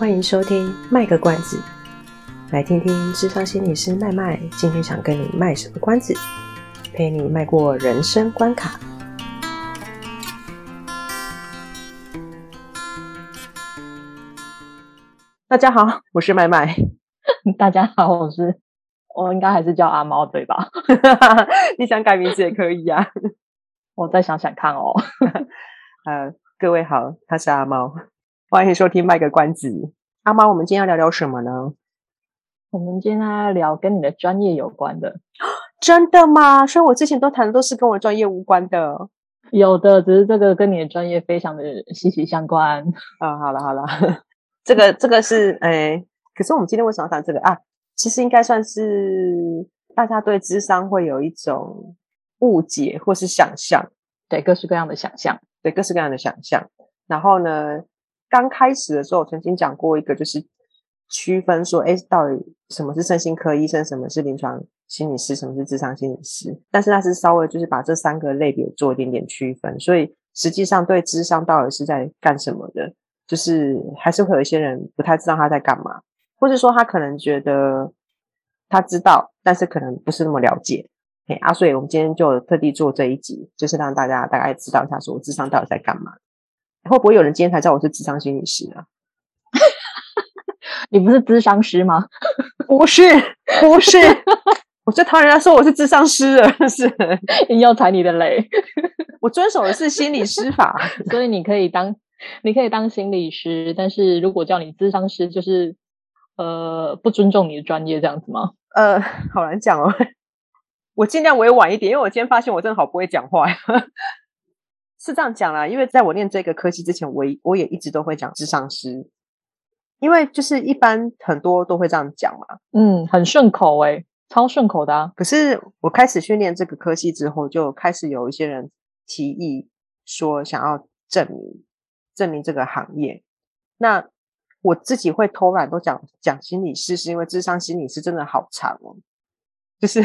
歡迎收聽麥個關子，來聽聽諮商心理師麥麥今天想跟你賣什麼關子，陪你邁過人生關卡。大家好，我是麥麥。大家好，我是，我應該還是叫阿貓，對吧？ 你想改名字也可以呀。啊，我再想想看哦。 呃，各位好，他是阿貓，歡迎收聽麥個關子。阿、啊、貓，我們今天要聊聊什麼呢？我們今天要聊跟你的專業有關的，真的嗎？雖然我之前都談的都是跟我的專業無關的，有的只是這個跟你的專業非常的息息相關。啊，好了好了，好了，這個這個是誒、哎、可是我們今天為什麼要談這個啊？其實應該算是大家對諮商會有一種誤解或是想象，對各式各樣的想象，對各式各樣的想象。然後呢？剛開始的時候，我曾經講過一個，就是區分說，哎，到底什麼是身心科醫生，什麼是臨床心理師，什麼是諮商心理師。但是那是稍微就是把這三個類別做一點點區分。所以實際上對諮商到底是在幹什麼的，就是還是會有一些人不太知道他在幹嘛，或是說他可能覺得他知道，但是可能不是那麼了解。哎，啊，所以我們今天就特地做這一集，就是讓大家大概知道一下說，說我諮商到底在幹嘛。會不會有人今天才知道我是諮商心理師啊？ 你不是諮商師嗎？不是，不是。 我最討厭人家說我是諮商師了，是，是你要踩你的雷。 我遵守的是心理師法， 所以你可以當你可以當心理師，但是如果叫你諮商師，就是呃不尊重你的專業這樣子嗎？呃，好難講哦。我盡量委婉一點，因為我今天發現我真的好不會講話，哎。 是這樣講啦、啊，因為在我念這個科系之前，我我也一直都會講諮商師，因為就是一般很多都會這樣講嘛，嗯，很順口誒、欸、超順口的、啊。可是我開始訓練這個科系之後，就開始有一些人提議說想要正名正名這個行業。那我自己會偷懶，都講講心理師，是因為諮商心理師真的好長哦，就是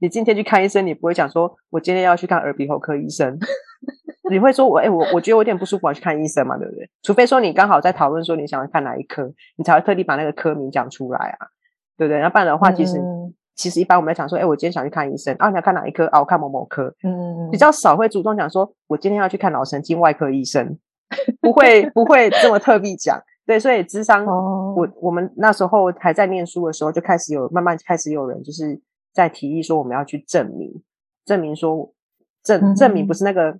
你今天去看醫生，你不會講說我今天要去看耳鼻喉科醫生。 你會說我、欸，我哎，我我覺得我有點不舒服，我要去看醫生嘛，對不對？除非說你剛好在討論說你想要看哪一科，你才會特地把那個科名講出來啊，對不對？要不然的話，其實其實一般我們在講說，哎、欸，我今天想去看醫生啊，你要看哪一科啊？我看某某科，嗯嗯，比較少會主動講說，我今天要去看腦神經外科醫生，不會不會這麼特地講。對，所以諮商，哦、我我們那時候還在念書的時候，就開始有慢慢開始有人就是在提議說，我們要去正名，正名說正、正名不是那個。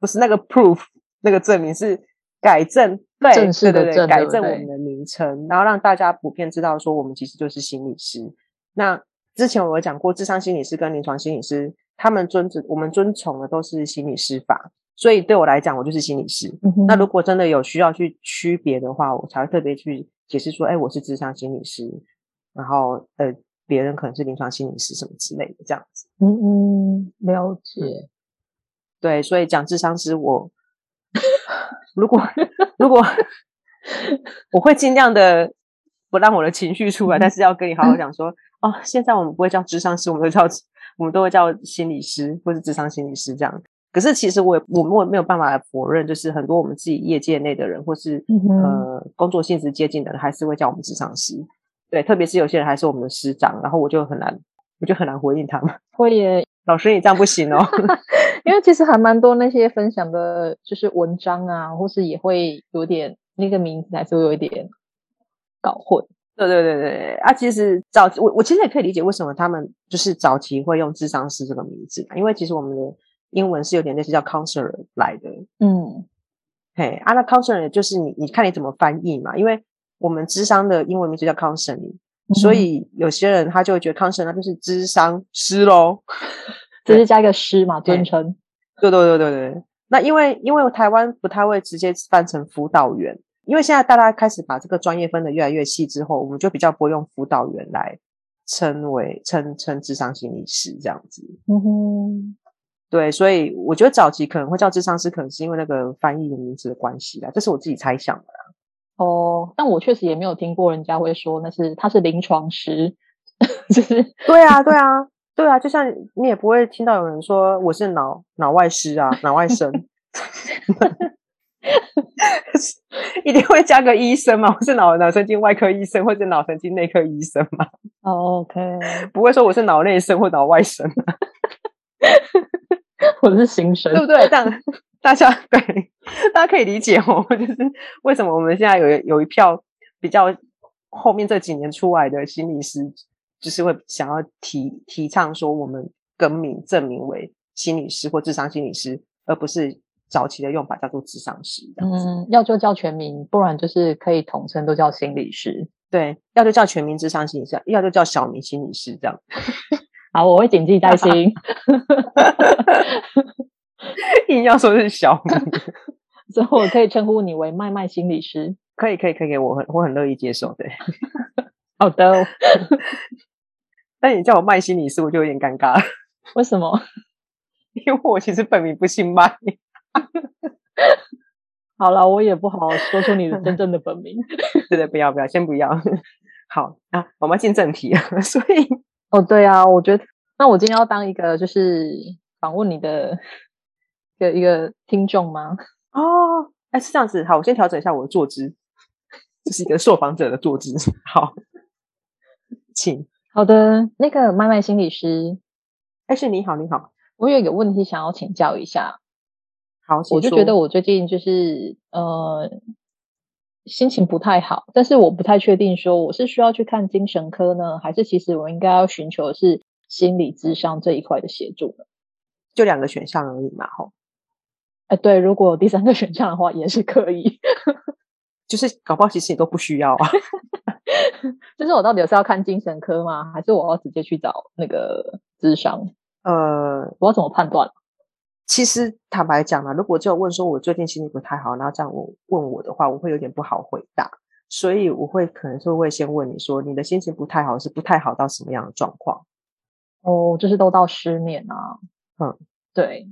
不是那個 proof，那個證明是改正，對正式的對對對，改正我們的名稱，對然後讓大家普遍知道說我們其實就是心理師。那之前我有講過，諮商心理師跟臨床心理師，他們遵執我們遵從的都是心理師法，所以對我來講，我就是心理師。嗯、哼那如果真的有需要去區別的話，我才會特別去解釋說，哎，我是諮商心理師，然後呃，別人可能是臨床心理師什麼之類的這樣子。嗯嗯，了解。嗯對，所以講諮商師，我，我如果如果我會盡量的不讓我的情緒出來，嗯、但是要跟你好好講說，哦，現在我們不會叫諮商師，我們都會叫我們都會叫心理師或是諮商心理師這樣。可是其實我我們沒有辦法否認，就是很多我們自己業界內的人或是、呃、工作性質接近的人，還是會叫我們諮商師。對，特別是有些人還是我們的師長，然後我就很難。就很難回應他們。會，我也 老師你這樣不行哦， 因為其實還蠻多那些分享的，就是文章啊，或是也會有點那個名字還是會有一點搞混。對對對對啊，其實早期我我其實也可以理解為什麼他們就是早期會用諮商師這個名字，因為其實我們的英文是有點類似叫 counselor 來的。嗯，嘿，啊、那 counselor 就是你你看你怎麼翻譯嘛，因為我們諮商的英文名字叫 counseling 嗯、所以有些人他就會覺得康生，那就是諮商師咯，就是加一個師嘛，對尊稱。對對，對對對對對。那因為因為台灣不太會直接翻成輔導員，因為現在大家開始把這個專業分得越來越細之後，我們就比較不會用輔導員來稱為稱稱，稱諮商心理師這樣子。嗯哼。對，所以我覺得早期可能會叫諮商師，可能是因為那個翻譯的名詞的關係啦，這是我自己猜想的啦。哦，oh, 但我確實也沒有聽過人家會說那是他是臨床師。 就是對啊對啊對啊，就像你也不會聽到有人說我是腦腦外師啊 腦外生， 一定會加個醫生嘛，我是腦腦神經外科醫生或者是腦神經內科醫生嘛，oh, OK，不會說我是腦內生或腦外生啊， 我是行神對不對？這樣。 大家對，大家可以理解我。就是為什麼我們現在有有一票比較後面這幾年出來的心理師，就是會想要提提倡說，我們更名、正名為心理師或諮商心理師，而不是早期的用法叫做諮商師這樣子。嗯，要就叫全名，不然就是可以統稱都叫心理師。對，要就叫全名諮商心理師，要就叫小名心理師這樣。 好，我會謹記在心。 硬要說是小 所以我可以稱呼你為麥麥心理師？ 可以，可以，可以，可以，我很我很樂意接受的。對。 好的哦， 但你叫我麥心理師，我就有點尷尬。 為什麼？ 因為我其實本名不姓麥。 好了，我也不好說出你的真正的本名。 對的，不要不要，先不要。 好啊，我們要進正題了。 所以， 哦，對啊，我覺得那我今天要當一個就是訪問你的的一個聽眾嗎？哦，哎，是這樣子。好，我先調整一下我的坐姿，這是一個受訪者的坐姿。好，請。好的，那個麥麥心理師，哎，是，你好，你好，我有一個問題想要請教一下。好，我就覺得我最近就是呃心情不太好，但是我不太確定說我是需要去看精神科呢，還是其實我應該要尋求的是心理諮商這一塊的協助呢？就兩個選項而已嘛，吼、哦。哎，對，如果有第三個選項的話，也是可以， 就是搞不好其實你都不需要啊。 就是我到底是要看精神科嗎？還是我要直接去找那個諮商？呃，我要怎麼判斷？其實坦白講呢、啊，如果就問說我最近心情不太好，然後這樣我問我的話，我會有點不好回答，所以我會可能是會先問你說，你的心情不太好，是不太好到什麼樣的狀況？哦，就是都到失眠啊。嗯，對。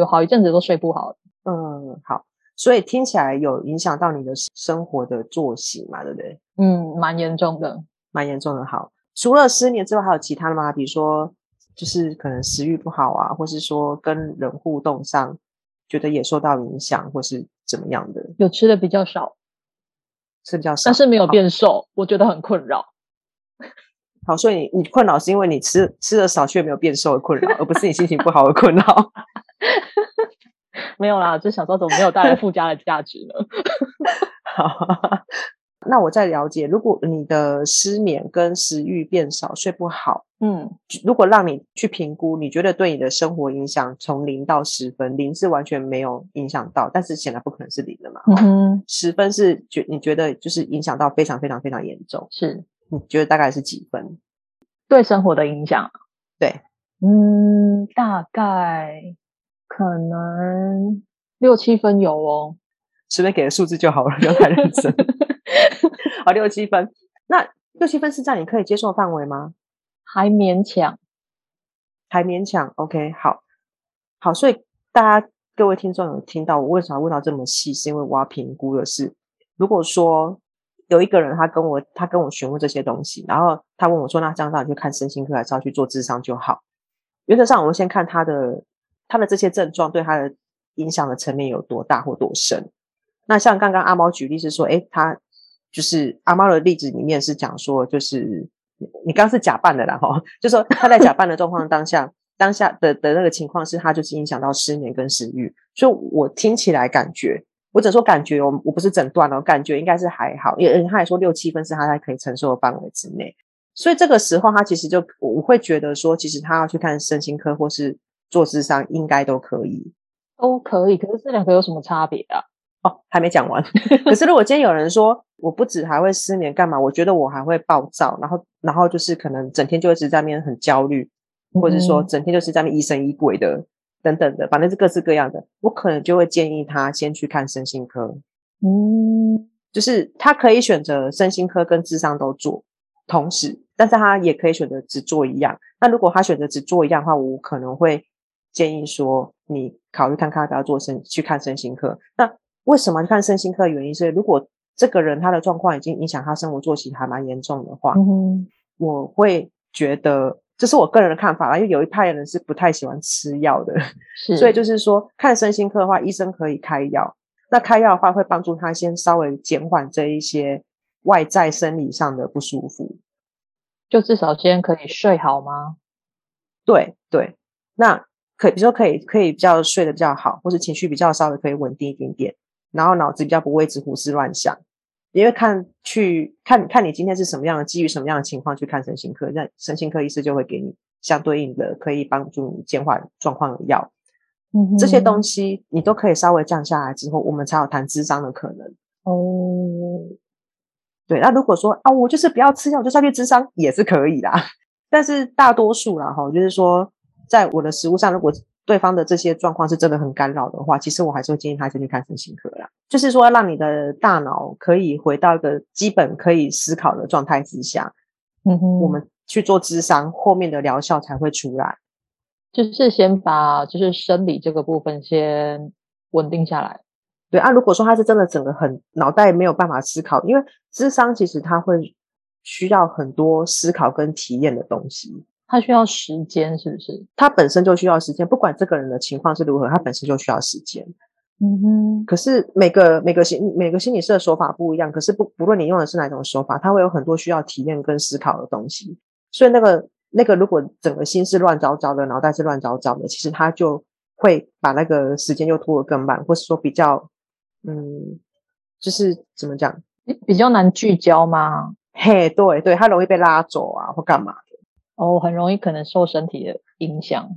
有好一陣子都睡不好。嗯，好，所以聽起來有影響到你的生活的作息嘛，對不對？嗯，蠻嚴重的，蠻嚴重的。好，除了失眠之外，還有其他的嗎？比如說，就是可能食慾不好啊，或是說跟人互動上覺得也受到影響，或是怎麼樣的？有吃的比較少，吃的比較少，但是沒有變瘦，好我覺得很困擾。好，所以你你困擾是因為你吃吃的少卻沒有變瘦的困擾，而不是你心情不好的困擾。 沒有啦，就想說怎麼沒有帶來附加的價值呢？ 好、啊，那我再了解，如果你的失眠跟食欲變少、睡不好，嗯，如果讓你去評估，你覺得對你的生活影響從零到十分，零是完全沒有影響到，但是顯然不可能是零的嘛。嗯哼，十分是覺你覺得就是影響到非常非常非常嚴重，是？你覺得大概是幾分？對生活的影響？對，嗯，大概。可能六七分有哦，隨便給個數字就好了，不要 太認真。 好，六七分，那六七分是在你可以接受的範圍嗎？還勉強，還勉強。OK，好，好。所以大家各位聽眾有聽到我為什麼要問到這麼細？是因為我要評估的是，如果說有一個人他跟我他跟我詢問這些東西，然後他問我說，那這樣子你去看身心科，還是要去做諮商就好？原則上，我們先看他的。.他的這些症狀對他的影響的層面有多大或多深？那像剛剛阿貓舉例是說，誒他就是阿貓的例子裡面是講說，就是你剛，剛是假扮的啦，哈，就說他在假扮的狀況當下， 當下的的那個情況是他就是影響到失眠跟食慾。所以我聽起來感覺，我只說感覺，我我不是診斷了，感覺應該是還好，因為他還說六七分是他還可以承受的範圍之內。所以這個時候他其實就我會覺得說，其實他要去看身心科或是。做諮商應該都可以，都可以。可是這兩個有什麼差別啊？哦，還沒講完。 可是如果今天有人說我不止還會失眠，幹嘛？我覺得我還會暴躁，然後然後就是可能整天就會是在那邊很焦慮，或者說整天就是在那邊疑神疑鬼的，等等的，反正是各式各樣的。我可能就會建議他先去看身心科。嗯，就是他可以選擇身心科跟諮商都做，同時，但是他也可以選擇只做一樣。那如果他選擇只做一樣的話，我可能會。建議說，你考慮看看要不要做身去看身心科。那為什麼看身心科的原因是，如果這個人他的狀況已經影響他生活作息，還蠻嚴重的話，嗯、哼我會覺得這是我個人的看法。因為有一派人是不太喜歡吃藥的，是所以就是說看身心科的話，醫生可以開藥。那開藥的話，會幫助他先稍微減緩這一些外在生理上的不舒服，就至少先可以睡好嗎？對對，那。比如說可以可以比較睡得比較好，或是情緒比較稍微可以穩定一點點，然後腦子比較不會一直胡思亂想，因為看去看看你今天是什麼樣的，基於什麼樣的情況去看身心科，那身心科醫師就會給你相對應的可以幫助你減緩狀況的藥。嗯哼，這些東西你都可以稍微降下來之後，我們才有談諮商的可能。哦，對，那如果說啊，我就是不要吃藥，我就上去諮商也是可以啦， 但是大多數啦哈，就是說。在我的實務上，如果對方的這些狀況是真的很干擾的話，其實我還是會建議他先去看身心科啦，就是說，讓你的大腦可以回到一個基本可以思考的狀態之下，嗯哼，我們去做諮商，後面的療效才會出來。就是先把就是生理這個部分先穩定下來。對啊，如果說他是真的整個很腦袋沒有辦法思考，因為諮商其實他會需要很多思考跟體驗的東西。他需要時間，是不是？他本身就需要時間，不管這個人的情況是如何，他本身就需要時間。嗯哼。可是每個每個心每個心理師的手法不一樣，可是不不論你用的是哪種手法，他會有很多需要體驗跟思考的東西。所以那個那個，如果整個心是亂糟糟的，腦袋是亂糟糟的，其實他就會把那個時間又拖得更慢，或是說比較嗯，就是怎麼講，比較難聚焦嗎？嘿，對對，他容易被拉走啊，或幹嘛。哦，很容易可能受身體的影響，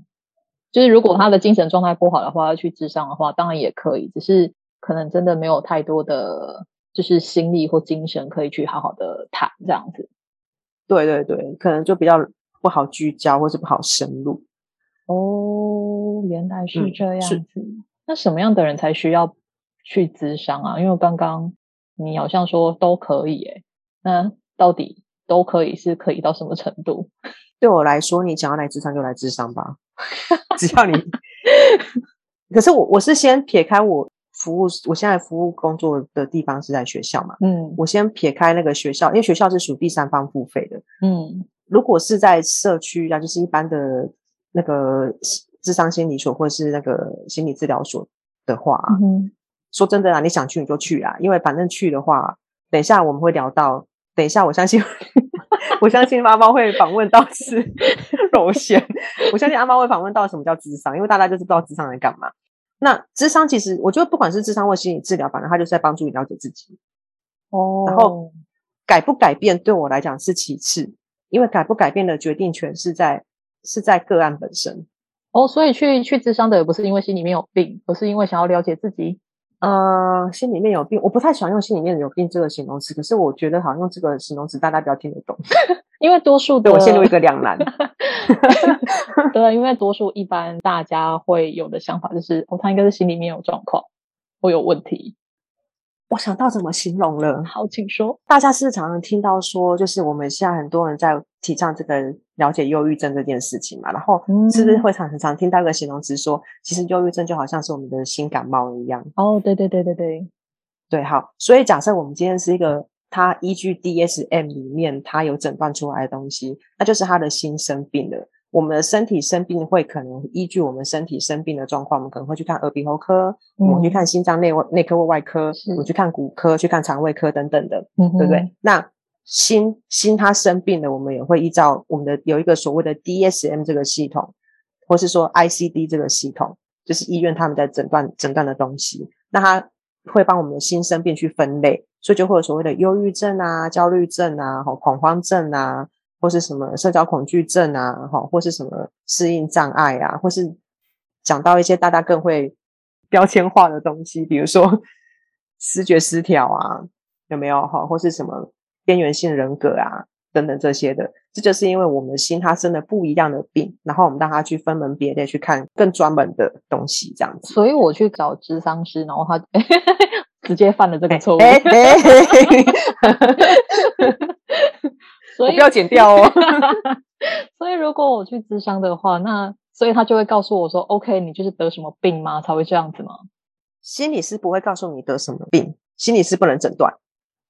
就是如果他的精神狀態不好的話，要去諮商的話當然也可以，只是可能真的沒有太多的就是心力或精神可以去好好的談這樣子。對對對，可能就比較不好聚焦或是不好深入。哦，原來是這樣子。嗯，那什麼樣的人才需要去諮商啊？因為剛剛你好像說都可以欸，哎，那到底都可以是可以到什麼程度？對我來說，你想要來諮商就來諮商吧，只要你。 可是我我是先撇開我服務，我現在服務工作的地方是在學校嘛，嗯，我先撇開那個學校，因為學校是屬第三方付費的，嗯，如果是在社區啊，就是一般的那個諮商心理所或者是那個心理治療所的話，啊，嗯哼，說真的啦，啊，你想去你就去啊，因為反正去的話，等一下我們會聊到。等一下，我相信，我相信阿貓會訪問到是螺旋。我相信阿貓會訪問到什麼叫諮商，因為大家就是不知道諮商在幹嘛。那諮商其實，我覺得不管是諮商或心理治療，反正它就是在幫助你了解自己。哦，然後改不改變對我來講是其次，因為改不改變的決定權是在是在個案本身。哦，所以去去諮商的也不是因為心裡面有病，而是因為想要了解自己。呃，心裡面有病，我不太喜歡用“心裡面有病”這個形容詞，可是我覺得，好像用這個形容詞大家比較聽得懂，因為多數都我陷入一個兩難。 對，因為多數一般大家會有的想法就是，他應該是心裡面有狀況，會有問題。我想到怎麼形容了，好，請說。大家是常常聽到說，就是我們現在很多人在。提倡這個了解憂鬱症這件事情嘛，然後是不是會常常聽到一個形容詞說，嗯、其實憂鬱症就好像是我們的心感冒一樣。哦，對對對對對，對，好。所以假設我們今天是一個，他依據 DSM 裡面他有診斷出來的東西，那就是他的心生病了。我們的身體生病會可能依據我們身體生病的狀況，我們可能會去看耳鼻喉科，嗯、我去看心臟內外內科或外科，是我去看骨科，去看腸胃科等等的，嗯、哼對不對？那心心他生病了，我們也會依照我們的有一個所謂的 DSM 這個系統，或是說 ICD 這個系統，就是醫院他們在診斷診斷的東西。那他會幫我們的心生病去分類，所以就會有所謂的憂鬱症啊、焦慮症啊、哈、恐慌症啊，或是什麼社交恐懼症啊、哈，或是什麼適應障礙啊，或是講到一些大家更會標籤化的東西，比如說思覺失調啊，有沒有哈，或是什麼？邊緣性人格啊，等等這些的，這就是因為我們的心它生了不一樣的病，然後我們讓他去分門別類去看更專門的東西，這樣子。所以我去找諮商師，然後他、哎、直接犯了這個錯誤。所以我不要剪掉哦。 所以如果我去諮商的話，那所以他就會告訴我說：“OK，你就是得什麼病嗎？才會這樣子嗎？”心理師不會告訴你得什麼病，心理師不能診斷。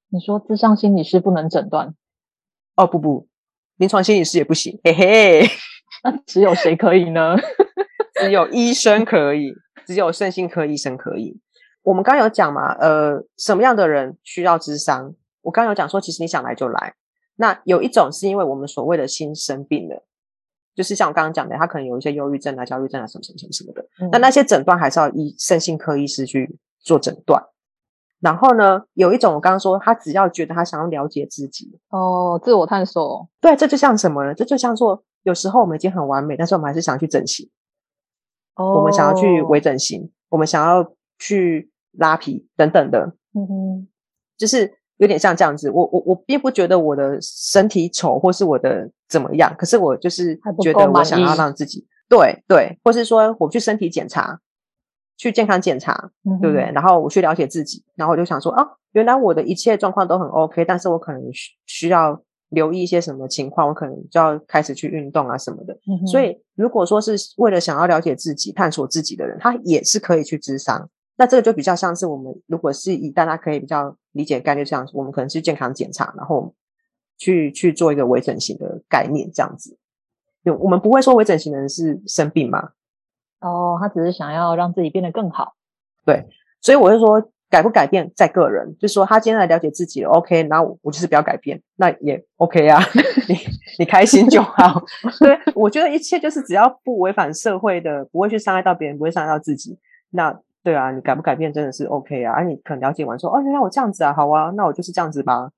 你說諮商心理師不能診斷，哦不不，臨床心理師也不行，嘿嘿，那 只有誰可以呢？只有醫生可以， 只有身心科醫生可以。我們剛，剛有講嘛，呃，什麼樣的人需要諮商？我剛，剛有講說，其實你想來就來。那有一種是因為我們所謂的心生病了，就是像我剛剛講的，他可能有一些憂鬱症啊、焦慮症啊什麼什麼什麼的。嗯、那那些診斷還是要醫身心科醫師去做診斷。然後呢，有一種我剛剛說，他只要覺得他想要了解自己哦，自我探索。對，這就像什麼呢？這就像說，有時候我們已經很完美，但是我們還是想去整形，哦、我們想要去微整形，我們想要去拉皮等等的。嗯哼，就是有點像這樣子。我我我並不覺得我的身體醜，或是我的怎麼樣，可是我就是覺得我想要讓自己對對，或是說我去身體檢查。去健康檢查，嗯、哼對不對？然後我去了解自己，然後我就想說，哦，原來我的一切狀況都很 OK，但是我可能需需要留意一些什麼情況，我可能就要開始去運動啊什麼的。嗯、哼所以，如果說是為了想要了解自己、探索自己的人，他也是可以去諮商。那這個就比較像是我們，如果是以大家可以比較理解概念，這樣子我們可能去健康檢查，然後去去做一個微整形的概念，這樣子。有我們不會說微整形的人是生病嗎？哦，他只是想要讓自己變得更好，對，所以我就說改不改變在個人，就是說他今天來了解自己了，OK，那我，我就是不要改變，那也 OK 啊， 你你開心就好。所以 我覺得一切就是只要不違反社會的，不會去傷害到別人，不會傷害到自己，那對啊，你改不改變真的是 OK 啊，而、啊、你可能了解完說哦，原來我這樣子啊，好啊，那我就是這樣子吧，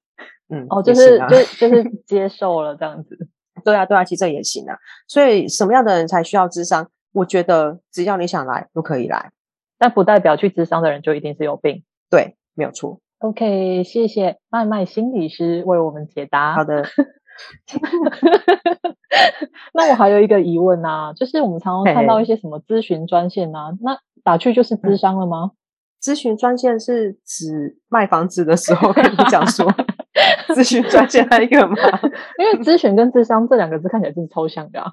嗯，哦，就是、啊、就就是接受了這樣子， 對啊，對啊，其實這也行啊。所以什麼樣的人才需要諮商？我覺得只要你想來都可以來，但不代表去諮商的人就一定是有病。對，沒有錯。OK，謝謝麥麥心理師為我們解答。好的。 那我還有一個疑問啊,就是我們常常看到一些什麼諮詢專線啊,嘿嘿，那打去就是諮商了嗎、嗯？諮詢專線是指賣房子的時候跟你講說 諮詢專線還有一個嗎？ 因為諮詢跟諮商這兩個字看起來真的超像的啊。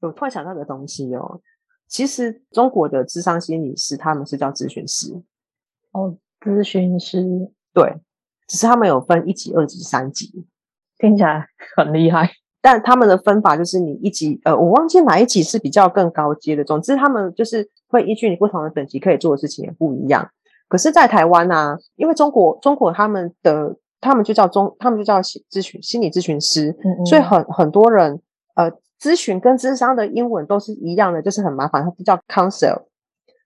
我突然想到個東西哦，其實中國的諮商心理師他們是叫諮詢師哦，諮詢師對，只是他們有分一級、二級、三級，聽起來很厲害，但他們的分法就是你一級呃，我忘記哪一級是比較更高階的，總之他們就是會依據你不同的等級可以做的事情也不一樣。可是，在台灣啊，因為中國中國他們的他們就叫中，他們就叫諮詢心理諮詢師，嗯嗯所以很很多人呃。諮詢跟諮商的英文都是一樣的，就是很麻煩，它叫 counsel。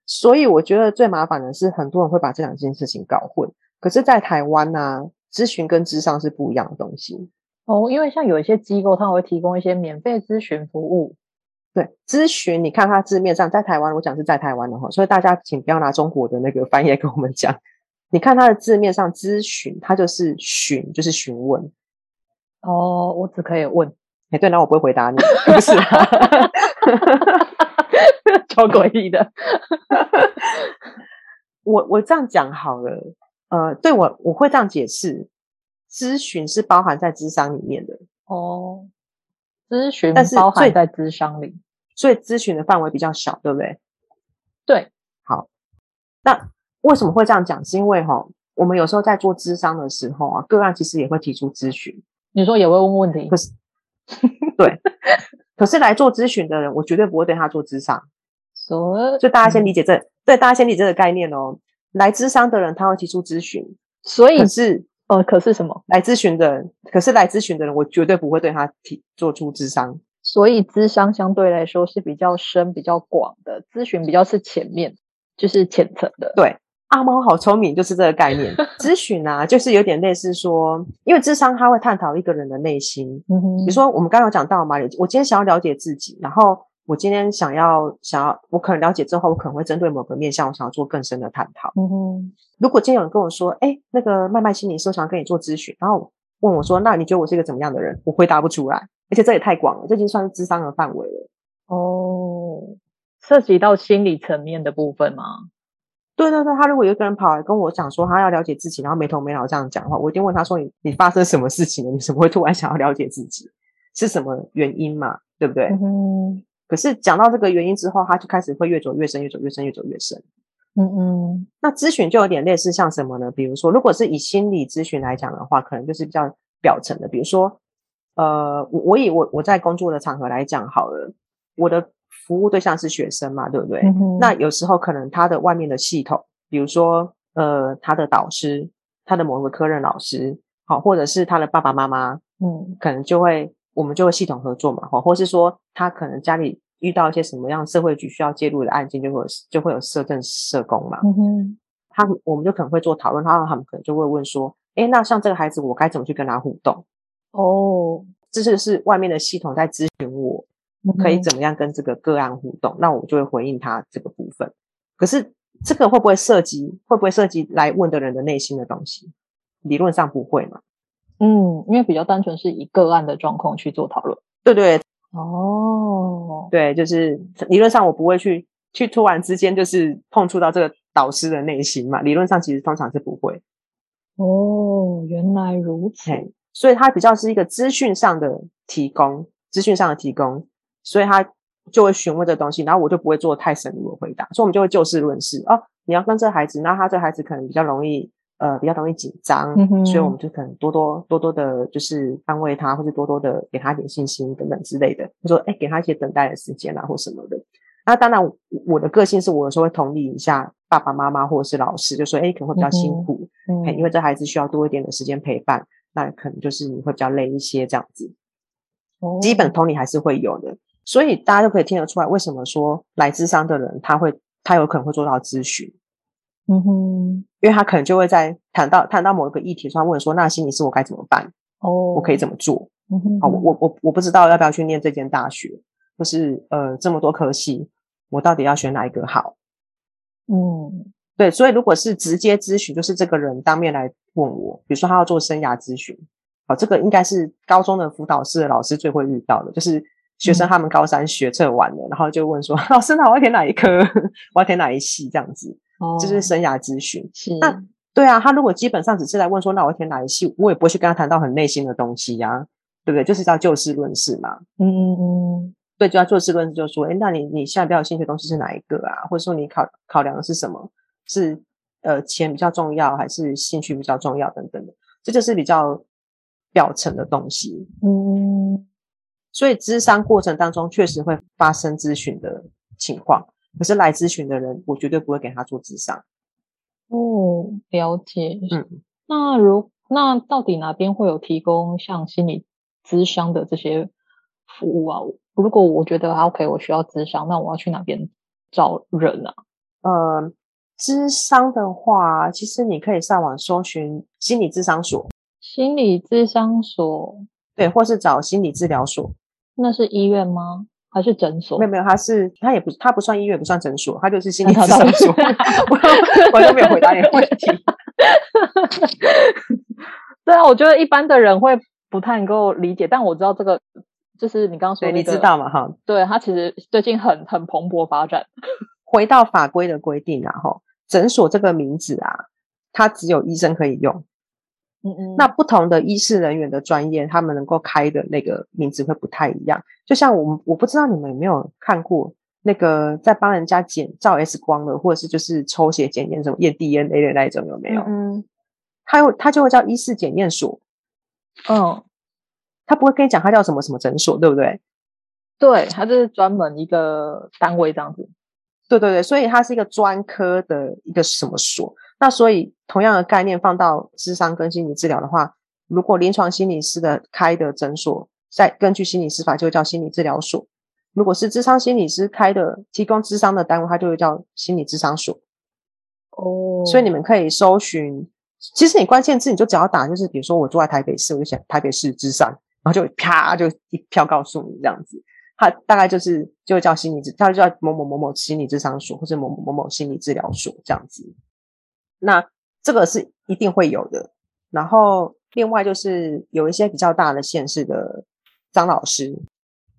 所以我覺得最麻煩的是，很多人會把這兩件事情搞混。可是，在台灣呢、啊，諮詢跟諮商是不一樣的東西哦。因為像有一些機構，他會提供一些免費諮詢服務。對，諮詢，你看它字面上，在台灣，我講是在台灣的話，所以大家請不要拿中國的那個翻譯跟我們講。你看它的字面上，諮詢，它就是詢，就是詢問。哦，我只可以問。哎，對，那我不會回答你，不是啊，超詭異的。我我這樣講好了，呃，對我我會這樣解釋，諮詢是包含在諮商裡面的哦。諮詢，那包含在諮商裡，所以諮詢的範圍比較小，對不對？對，好。那為什麼會這樣講？是因為哈、哦，我們有時候在做諮商的時候啊，個案其實也會提出諮詢，你說也會問問題，可是。 對，可是來做諮詢的人，我絕對不會對他做諮商。所以 So, 就大家先理解這，嗯、對大家先理解這個概念哦。來諮商的人，他會提出諮詢。所以可是哦、呃，可是什麼？來諮詢的人，可是來諮詢的人，我絕對不會對他提做出諮商。所以諮商相對來說是比較深、比較廣的，諮詢比較是前面就是淺層的。對。阿貓好聰明，就是這個概念。諮詢啊，就是有點類似說，因為諮商它會探討一個人的內心。嗯哼。比如說，我們剛剛有講到嘛，我今天想要了解自己，然後我今天想要想要，我可能了解之後，我可能會針對某個面向，我想要做更深的探討。嗯哼。如果今天有人跟我說，哎，那個麥麥心理師我想跟你做諮詢，然後問我說，那你覺得我是一個怎麼樣的人？我回答不出來，而且這也太廣了，這已經算是諮商的範圍了。哦，涉及到心理層面的部分嗎？對對對，他如果有一個人跑來跟我講說他要了解自己，然後沒頭沒腦這樣講的話，我一定問他說你你發生什麼事情了？你怎麼會突然想要了解自己？是什麼原因嘛？對不對？嗯哼可是講到這個原因之後，他就開始會越走越深、越走越深、越走越深。嗯嗯。那諮詢就有點類似像什麼呢？比如說，如果是以心理諮詢來講的話，可能就是比較表層的，比如說，呃，我，我以我我在工作的場合來講好了，我的。服務對象是學生嘛，對不對？嗯哼，那有時候可能他的外面的系統，比如說呃，他的導師、他的某個科任老師，好、哦，或者是他的爸爸媽媽，嗯，可能就會我們就會系統合作嘛，或、哦、或是說他可能家裡遇到一些什麼樣社會局需要介入的案件就，就會就會有社政社工嘛。嗯哼，他我們就可能會做討論，他他們可能就會問說，誒那像這個孩子，我該怎麼去跟他互動？哦，這就是外面的系統在諮詢我。可以怎麼樣跟這個個案互動？那我就會回應他這個部分。可是這個會不會涉及？會不會涉及來問的人的內心的東西？理論上不會嘛？嗯，因為比較單純是以個案的狀況去做討論。對對，哦，對，就是理論上我不會去去突然之間就是碰觸到這個導師的內心嘛。理論上其實通常是不會。哦，原來如此。所以它比較是一個資訊上的提供，資訊上的提供。所以他就會詢問這東西，然後我就不會做太深入的回答，所以我們就會就事論事哦。你要跟這孩子，那他這孩子可能比較容易，呃，比較容易緊張，嗯、哼所以我們就可能多多多多的，就是安慰他，或是多多的給他一點信心等等之類的。他、就是、說，哎、欸，給他一些等待的時間啦、啊，或什麼的。那當然，我的個性是，我有時候會同理一下爸爸媽媽或者是老師，就說，哎、欸，可能會比較辛苦，嗯，嗯、欸，因為這孩子需要多一點的時間陪伴，那可能就是你會比較累一些這樣子。哦，基本同理還是會有的。所以大家就可以聽得出來，為什麼說，來諮商的人他會他有可能會做到諮詢。嗯哼，因為他可能就會在談到談到某一個議題上問說：“那心理師我該怎麼辦？哦，我可以怎麼做？嗯哼哼好，我我我不知道要不要去念這間大學，或是呃這麼多科系，我到底要選哪一個好？”嗯，對，所以如果是直接諮詢，就是這個人當面來問我，比如說他要做生涯諮詢。好，這個應該是高中的輔導室老師最會遇到的，就是。學生他們高三學測完了，嗯、然後就問說：“老師，那我要填哪一科？我要填哪一系？”這樣子，哦、就是生涯諮詢。是那對啊，他如果基本上只是來問說：“那我要填哪一系？”我也不會去跟他談到很內心的東西啊，對不對？就是叫就事論事嘛。嗯嗯對，就要就事論事，就說：“哎、欸，那你你現在比較有興趣的東西是哪一個啊？或者說你考考量的是什麼？是呃錢比較重要，還是興趣比較重要？等等的，這就是比較表層的東西。”嗯。所以，諮商過程當中確實會發生諮詢的情況，可是來諮詢的人，我絕對不會給他做諮商。哦，了解。嗯，那如那到底哪邊會有提供像心理諮商的這些服務啊？如果我覺得 OK，我需要諮商，那我要去哪邊找人啊？呃、嗯，諮商的話，其實你可以上網搜尋心理諮商所，心理諮商所，對，或是找心理治療所。那是醫院嗎？還是診所？沒有沒有，他是他也不他不算醫院，不算診所，他就是心理診所。 我。我都沒有回答你的問題。 對啊，我覺得一般的人會不太能夠理解，但我知道這個就是你剛剛說的、那個對，你知道嘛，哈，對，他其實最近很很蓬勃發展。回到法規的規定啊，然後診所這個名字啊，它只有醫生可以用。嗯嗯，那不同的醫事人員的專業，他們能夠開的那個名字會不太一樣。就像我們，我不知道你們有沒有看過那個在幫人家檢照 X 光的，或者是就是抽血檢驗什麼驗 DNA 的那一種有沒有？嗯，他會他就會叫醫事檢驗所。嗯、哦，他不會跟你講他叫什麼什麼診所，對不對？對，他就是專門一個單位這樣子。對對對，所以他是一個專科的一個什麼所。那所以，同樣的概念放到諮商跟心理治療的話，如果臨床心理師的開的診所，再根據心理師法就會叫心理治療所；如果是諮商心理師開的提供諮商的單位，它就會叫心理諮商所。哦，oh. 所以你們可以搜尋，其實你關鍵字你就只要打，就是比如說我住在台北市，我就想台北市諮商，然後就啪就一票告訴你這樣子，它大概就是就會叫心理他它就叫某某某某心理諮商所，或是某某某某心理治療所這樣子。那這個是一定會有的。然後另外就是有一些比較大的縣市的張老師，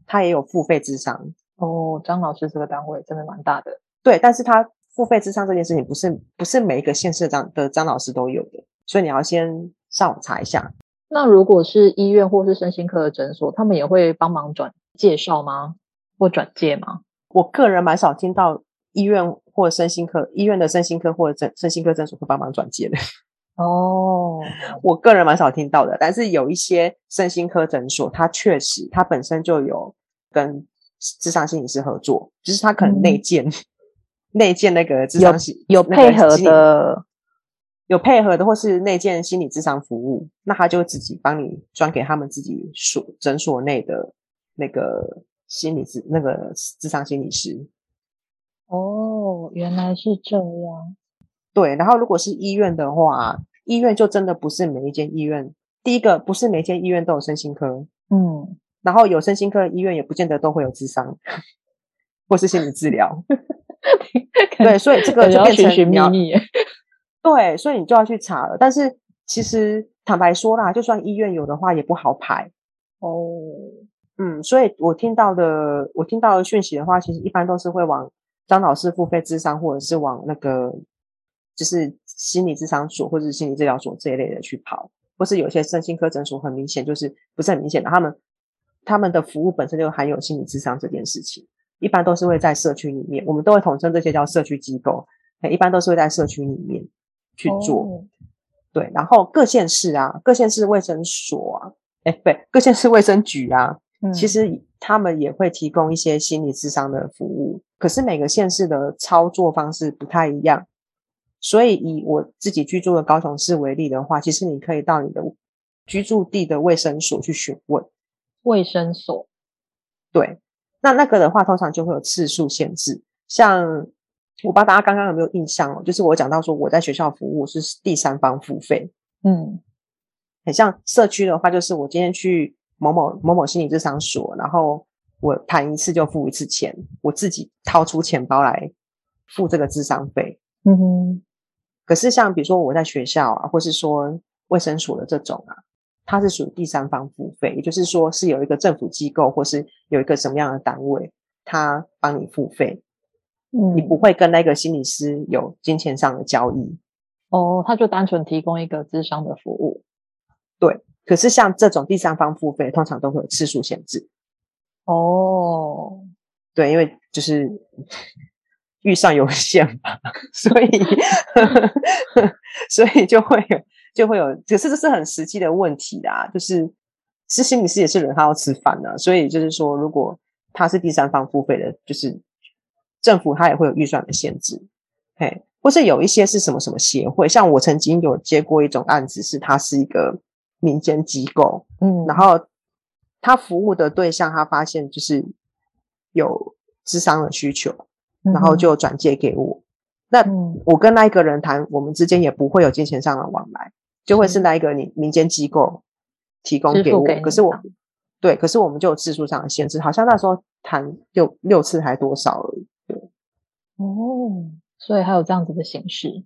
他也有付費諮商哦。張老師這個單位真的蠻大的。對，但是他付費諮商這件事情不是不是每一個縣市的張的張老師都有的，所以你要先上網查一下。那如果是醫院或是身心科的診所，他們也會幫忙轉介紹嗎？或轉介嗎？我個人蠻少聽到醫院。或者身心科醫院的身心科或者診身心科診所會幫忙轉介的哦，oh. 我個人蠻少聽到的，但是有一些身心科診所，他確實他本身就有跟諮商心理師合作，就是他可能內建、嗯、內建那個諮商有有配合的有配合的，那有配合的或是內建心理諮商服務，那他就自己幫你轉給他們自己所診所內的那個心理諮那個諮商心理師。哦，oh, 原來是這樣。對，然後如果是醫院的話，醫院就真的不是每一間醫院，第一個不是每一間醫院都有身心科。嗯，然後有身心科的醫院也不見得都會有諮商， 或是心理治療。對，所以這個就變成 要尋尋覓覓。 對，所以你就要去查了。但是其實坦白說啦，就算醫院有的話，也不好排。哦，oh. 嗯，所以我聽到的，我聽到的訊息的話，其實一般都是會往。張老師付費諮商，或者是往那個就是心理諮商所或者是心理治療所這一類的去跑，或是有些身心科診所，很明顯就是不是很明顯的，他們他們的服務本身就含有心理諮商這件事情，一般都是會在社區裡面，我們都會統稱這些叫社區機構，一般都是會在社區裡面去做。哦、對，然後各縣市啊，各縣市衛生所啊，哎、欸、不對，各縣市衛生局啊，嗯、其實。他們也會提供一些心理諮商的服務，可是每個縣市的操作方式不太一樣，所以以我自己居住的高雄市為例的話，其實你可以到你的居住地的衛生所去詢問。衛生所，對，那那個的話通常就會有次數限制。像我不知道大家剛剛有沒有印象哦，就是我講到說我在學校服務是第三方付費，嗯，很像社區的話，就是我今天去。某某某某心理智商所，然後我談一次就付一次錢，我自己掏出錢包來付這個諮商費。嗯哼，可是像比如說我在學校啊，或是說衛生所的這種啊，它是屬於第三方付費，也就是說是有一個政府機構或是有一個什麼樣的單位，他幫你付費。嗯，你不會跟那個心理師有金錢上的交易。哦，他就單純提供一個諮商的服務。對。可是像這種第三方付費，通常都會有次數限制。哦，oh. 對，因為就是預算有限嘛， 所以 所以就會有就會有，可是這是很實際的問題啊，就是是心理師也是人，他要吃飯的啊，所以就是說，如果他是第三方付費的，就是政府他也會有預算的限制，嘿，或是有一些是什麼什麼協會，像我曾經有接過一種案子，是他是一個。民間機構，嗯，然後他服務的對象，他發現就是有諮商的需求，嗯、哼然後就轉介給我。嗯、那我跟那一個人談，我們之間也不會有金錢上的往來，就會是那一個你是民間機構提供給我。給可是我對，可是我們就有次數上的限制，嗯、好像那時候談就六次還多少而已。哦、嗯，所以還有這樣子的形式，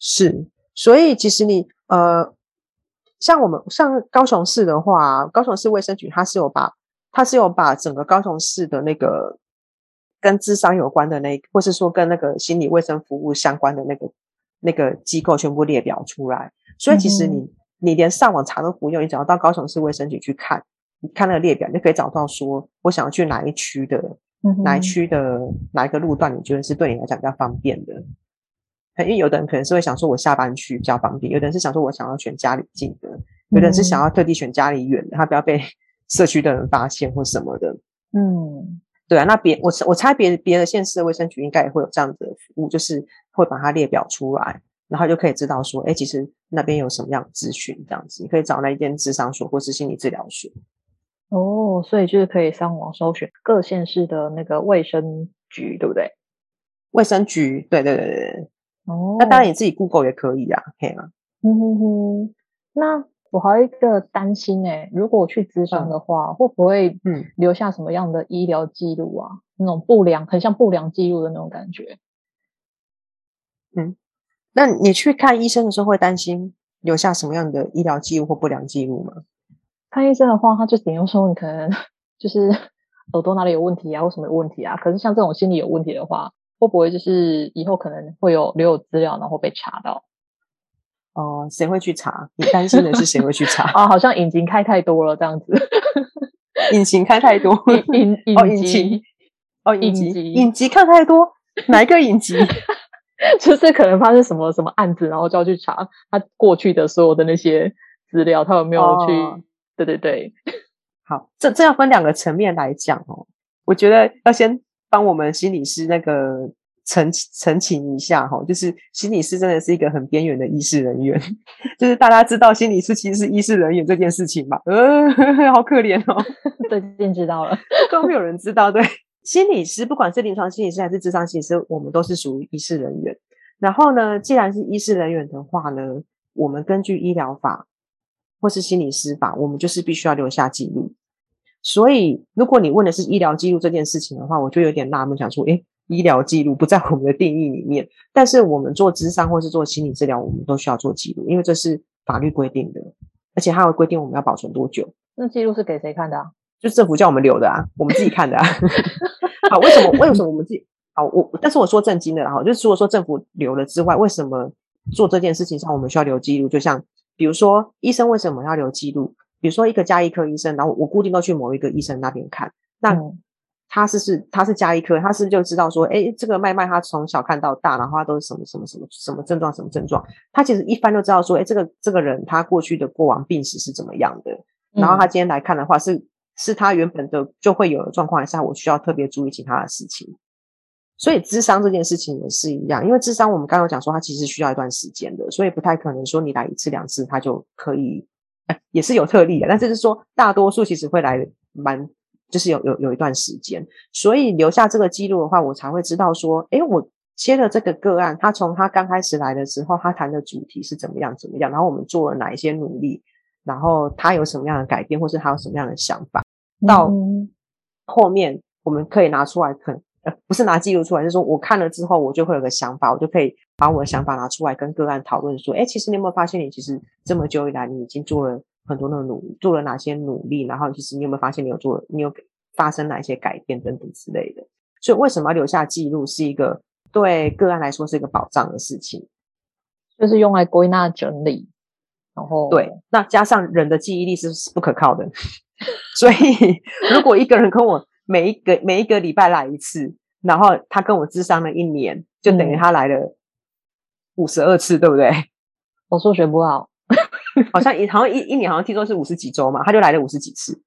是，所以其實你呃。像我們像高雄市的話，高雄市衛生局它，是有把它，是有把整個高雄市的那個跟諮商有關的那，或是說跟那個心理衛生服務相關的那個那個機構全部列表出來。所以其實你、嗯、哼你連上網查都不用，你只要到高雄市衛生局去看，你看那個列表，你可以找到說我想要去哪一區的、嗯、哼哪一區的哪一個路段，你覺得是對你來講比較方便的。因為有的人可能是會想說，我下班去比較方便；有的人是想說我想要選家裡近的；有的人是想要特地選家裡遠的，他不要被社區的人發現或什麼的。嗯，對啊。那別我我猜別別的縣市的衛生局應該也會有這樣的服務，就是會把它列表出來，然後就可以知道說，哎，其實那邊有什麼樣的諮詢，這樣子你可以找那一間諮商所或是心理治療所。哦，所以就是可以上網搜尋各縣市的那個衛生局，對不對？衛生局，對對對對對。哦，那當然，你自己 Google 也可以啊，可以嗎？嗯哼哼，那我還有一個擔心哎、欸，如果我去諮詢的話，嗯、會不會嗯留下什麼樣的醫療記錄啊？嗯、那種不良，很像不良記錄的那種感覺。嗯，那你去看醫生的時候會擔心留下什麼樣的醫療記錄或不良記錄嗎？看醫生的話，他就等於說你可能就是耳朵哪裡有問題啊，或什麼有問題啊。可是像這種心理有問題的話，會不會就是以後可能會有留有資料，然後被查到？哦、呃，誰會去查？你擔心的是誰會去查？ 哦，好像影集開太多了這樣子，影集 開太多，影哦，影集哦，影集影集看太多， 哪一個影集？ 就是可能發生什麼什麼案子，然後就要去查他過去的所有的那些資料，他有沒有去？哦、 對對對，好，這這要分兩個層面來講哦。我覺得要先。幫我們心理師那個澄清澄清一下哈，就是心理師真的是一個很邊緣的醫事人員，就是大家知道心理師其實是醫事人員這件事情吧？呃，呵呵好可憐哦，最近知道了，都沒有人知道。對， 心理師不管是臨床心理師還是諮商心理師，我們都是屬於醫事人員。然後呢，既然是醫事人員的話呢，我們根據醫療法或是心理師法，我們就是必須要留下記錄。所以，如果你問的是醫療記錄這件事情的話，我就有點納悶，想說，哎，醫療記錄不在我們的定義裡面。但是我們做諮商或是做心理治療，我們都需要做記錄，因為這是法律規定的，而且它會規定我們要保存多久。那記錄是給誰看的啊？就政府叫我們留的啊，我們自己看的啊。 好，為什麼？為什麼我們自己？好，我，但是我說正經的哈，就是如果說政府留了之外，為什麼做這件事情上我們需要留記錄？就像，比如說，醫生為什麼要留記錄？比如說，一個家醫科醫生，然後我固定都去某一個醫生那邊看。那他是、嗯、他是他是家醫科，他是，是就知道說，哎，這個麥麥他從小看到大，然後他都是什麼什麼什麼什麼，什麼症狀，什麼症狀。他其實一般就知道說，哎，這個這個人他過去的過往病史是怎麼樣的。然後他今天來看的話是，是、嗯、是他原本的就會有的狀況，還是我需要特別注意其他的事情？所以諮商這件事情也是一樣，因為諮商我們剛剛有講說，他其實需要一段時間的，所以不太可能說你來一次兩次，他就可以。也是有特例的，但是就是說，大多數其實會來蠻，就是有有有一段時間，所以留下這個記錄的話，我才會知道說，哎，我接了這個個案，他從他剛開始來的時候，他談的主題是怎麼樣怎麼樣，然後我們做了哪一些努力，然後他有什麼樣的改變，或是他有什麼樣的想法，到後面我們可以拿出來看。呃，不是拿記錄出來，就是說我看了之後，我就會有個想法，我就可以把我的想法拿出來跟個案討論，說，哎、欸，其實你有沒有發現，你其實這麼久以來，你已經做了很多的努力，做了哪些努力，然後其實你有沒有發現，你有做，你有發生哪一些改變等等之類的。所以，為什麼要留下記錄，是一個對個案來說是一個保障的事情，就是用來歸納整理，然後對，那加上人的記憶力是不可靠的， 所以如果一個人跟我。 每一個每一個禮拜來一次，然後他跟我諮商了一年，就等於他來了五十二次，嗯、對不對？我數學不好， 好像一好像一一年好像聽說是五十幾周嘛，他就來了五十幾次。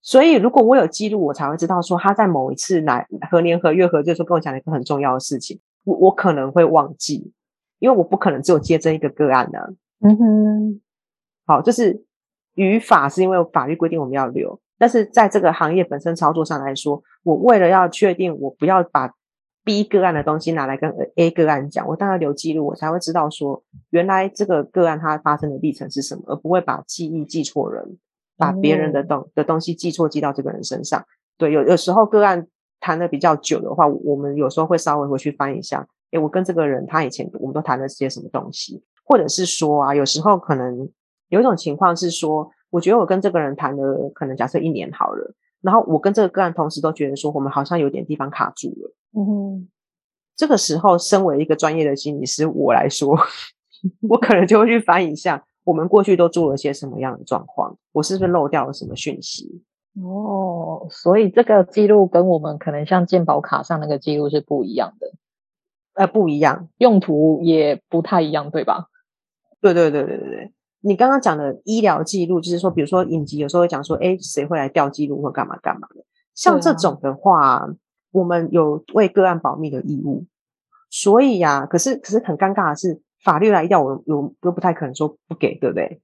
所以如果我有記錄，我才會知道說他在某一次來何年何月何，就是跟我講了一個很重要的事情。我我可能會忘記，因為我不可能只有接這一個個案的、啊。嗯哼，好，就是語法是因為法律規定我們要留。但是在這個行業本身操作上來說，我為了要確定我不要把 B 個案的東西拿來跟 A 個案講，我當然留記錄，我才會知道說原來這個個案它發生的歷程是什麼，而不會把記憶記錯人，把別人的東的東西記錯記到這個人身上。嗯、對，有有時候個案談的比較久的話我，我們有時候會稍微回去翻一下，誒，我跟這個人他以前我們都談了些什麼東西，或者是說啊，有時候可能有一種情況是說，我覺得我跟這個人談了，可能，假設一年好了，然後我跟這個個案同時都覺得說，我們好像有點地方卡住了。嗯哼，這個時候，身為一個專業的心理師，我來說， 我可能就會去翻一下我們過去都做了些什麼樣的狀況，我是不是漏掉了什麼訊息？哦，所以這個記錄跟我們可能像健保卡上那個記錄是不一樣的，呃，不一樣，用途也不太一樣，對吧？對對對對對對。你剛剛講的醫療記錄，就是說，比如說影集有時候會講說，哎，誰會來調記錄或幹嘛幹嘛的。像這種的話，啊、我們有為個案保密的義務。所以呀、啊，可是可是很尷尬的是，法律來調，我我又不太可能說不給，對不對？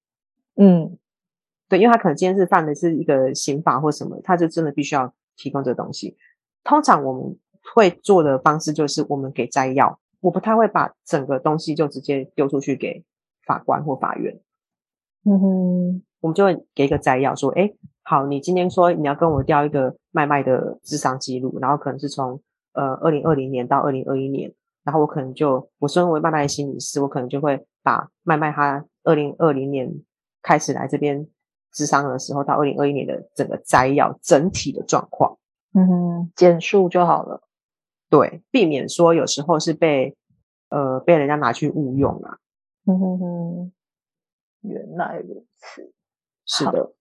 嗯，對，因為他可能今天是犯的是一個刑法或什麼，他就真的必須要提供這個東西。通常我們會做的方式就是我們給摘要，我不太會把整個東西就直接丟出去給法官或法院。嗯哼，我們就會給一個摘要說，哎、欸，好，你今天說你要跟我調一個麥麥的智商記錄，然後可能是從呃二零二零年到二零二一年，然後我可能就，我身為麥麥的心理師，我可能就會把麥麥他二零二零年開始來這邊智商的時候到二零二一年的整個摘要整體的狀況，嗯哼，簡述就好了，對，避免說有時候是被呃被人家拿去誤用啊，嗯哼哼。原來如此，是的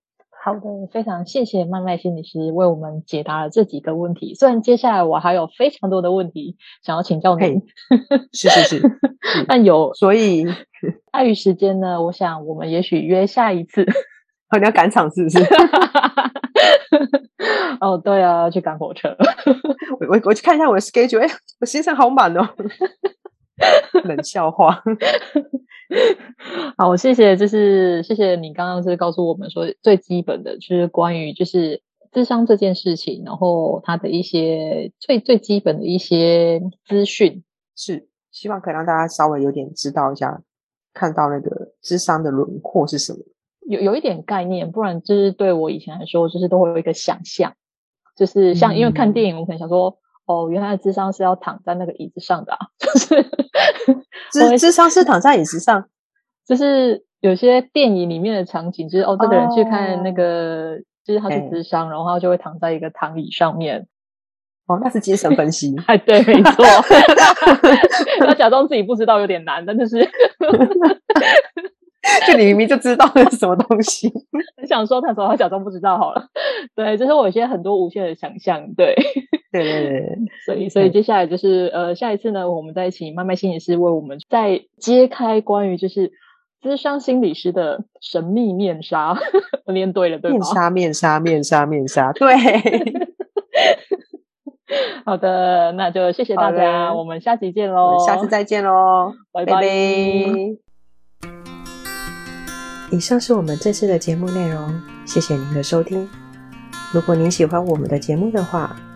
好，好的，非常謝謝麥麥心理師為我們解答了這幾個問題。雖然接下來我還有非常多的問題想要請教您，是是是，是但有所以，礙於時間呢，我想我們也許約下一次。哦、你要趕場是不是？ 哦，對啊，要趕火車。 我我我去看一下我的 schedule，哎、欸，我行程好滿哦。冷笑話， 好，謝謝，就是謝謝你剛剛是告訴我們說最基本的就是關於就是諮商這件事情，然後它的一些最最基本的一些資訊，是希望可以讓大家稍微有點知道一下，看到那個諮商的輪廓是什麼，有有一點概念，不然就是對我以前來說，就是都會有一個想象，就是像因為看電影，我可能想說。嗯哦，原來的諮商是要躺在那個椅子上的啊！就是諮諮 商是躺在椅子上，就是有些電影裡面的場景，就是哦，哦，這個人去看那個，哦、就是他是諮商，嘿然後他就會躺在一個躺椅上面。哦，那是精神分析，哎，對，沒錯。要 假裝自己不知道有點難，但就是 就你明明就知道是什麼東西，你 想說，他說他假裝不知道好了。對，就是我有些很多無限的想象，對。對對對，所以所以接下來就是呃，下一次呢，我們再一起麥麥心理師，為我們再揭開關於就是諮商心理師的神秘面紗。我念對了，對吧，面紗，面紗，面紗，面紗。對， 好的，那就謝謝大家，的我們下集見嘍，下次再見嘍，拜拜 bye。以上是我們這次的節目內容，謝謝您的收聽。如果您喜歡我們的節目的話，